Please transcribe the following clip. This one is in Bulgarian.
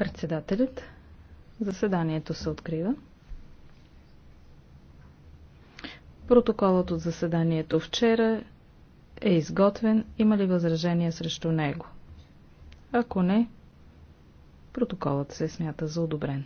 Председателят. Заседанието се открива. Протоколът от заседанието вчера е изготвен. Има ли възражения срещу него? Ако не, протоколът се смята за одобрен.